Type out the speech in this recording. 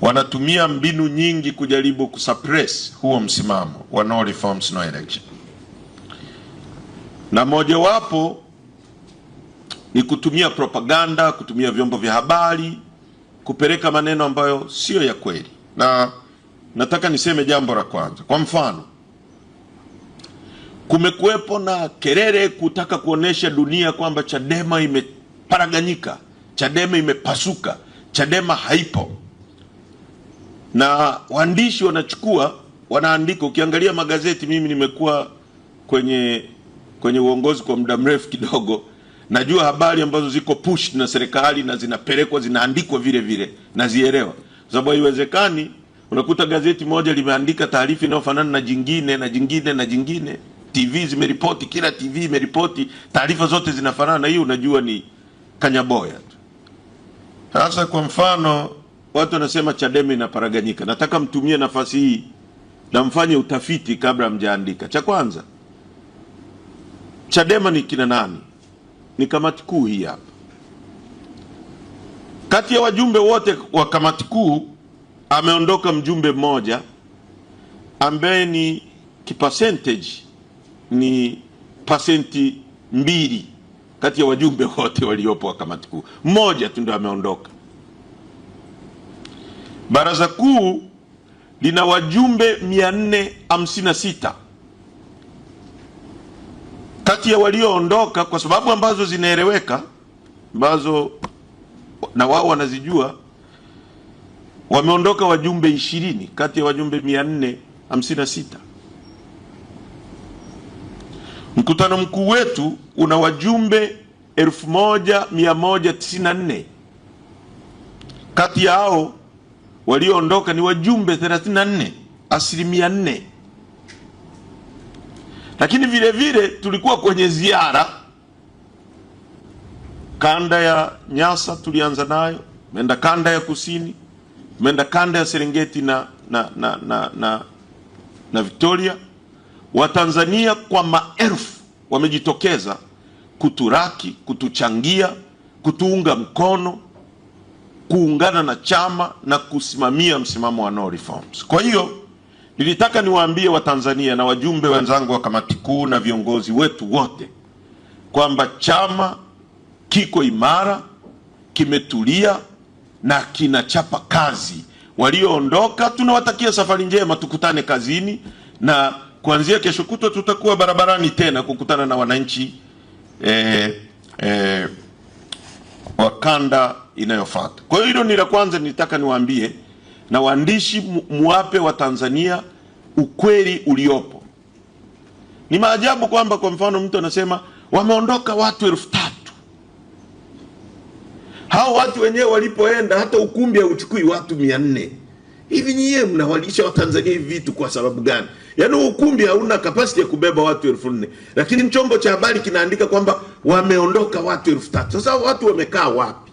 wanatumia mbinu nyingi kujaribu kusuppress huo msimamo wa no reforms no election, na mojawapo ni kutumia propaganda, kutumia vyombo vya habari kupeleka maneno ambayo siyo ya kweli. Na nataka niseme jambo la kwanza, kwa mfano kumekuwepo na kelele kutaka kuonesha dunia kwamba Chadema imeparaganyika, Chadema imepasuka, Chadema haipo na waandishi wanachukua wanaandika. Ukiangalia magazeti, mimi nimekuwa kwenye kwenye uongozi kwa muda mrefu kidogo, najua habari ambazo ziko push na serikali na zinapelekwa zinaandikwa vile vile, nazielewa, sababu haiwezekani unakuta gazeti moja limeandika taarifa inayofanana na jingine na jingine na jingine. TV zimeripoti, kila TV imeripoti taarifa zote zinafanana, hiyo unajua ni kanyaboya tu. Sasa kwa mfano Watu wanasema Chadema inaparaganyika. Nataka mtumie nafasi hii na mfanye utafiti kabla mjaandika. Cha kwanza, Chadema ni kina nani? Ni kamati kuu hii hapa. Kati ya wajumbe wote wa kamati kuu ameondoka mjumbe mmoja ambaye ni kipercentage ni pasenti mbili kati ya wajumbe wote waliopo wa kamati kuu, mmoja tu ndio ameondoka. Baraza kuu lina wajumbe 456 kati ya walioondoka kwa sababu ambazo zinaeleweka, ambazo na wao wanazijua, wameondoka wajumbe 20 kati ya wajumbe 456. Mkutano mkuu wetu una wajumbe 1194 kati yao walioondoka ni wajumbe 34, asilimia 4. Lakini vile vile tulikuwa kwenye ziara kanda ya Nyasa, tulianza nayo, tumeenda kanda ya Kusini, tumeenda kanda ya Serengeti na, na, na, na, na, na Victoria. Watanzania kwa maelfu wamejitokeza kuturaki, kutuchangia, kutuunga mkono kuungana na chama na kusimamia msimamo wa no reforms. Kwa hiyo nilitaka niwaambie Watanzania na wajumbe wenzangu wa kamati kuu na viongozi wetu wote kwamba chama kiko imara, kimetulia na kinachapa kazi. Walioondoka tunawatakia safari njema, tukutane kazini, na kuanzia kesho kutwa tutakuwa barabarani tena kukutana na wananchi eh, eh, kanda inayofuata. Kwa hiyo hilo ni la kwanza, nilitaka niwaambie na waandishi muwape wa Tanzania ukweli uliopo. Ni maajabu kwamba kwa mfano mtu anasema wameondoka watu elfu tatu. Hao watu wenyewe walipoenda hata ukumbi hauchukui watu mia nne. Hivi nyie mnawalisha Watanzania hivi vitu kwa sababu gani? Yaani ukumbi hauna kapasiti ya kubeba watu elfu nne lakini chombo cha habari kinaandika kwamba wameondoka watu elfu tatu Sasa watu wamekaa wapi?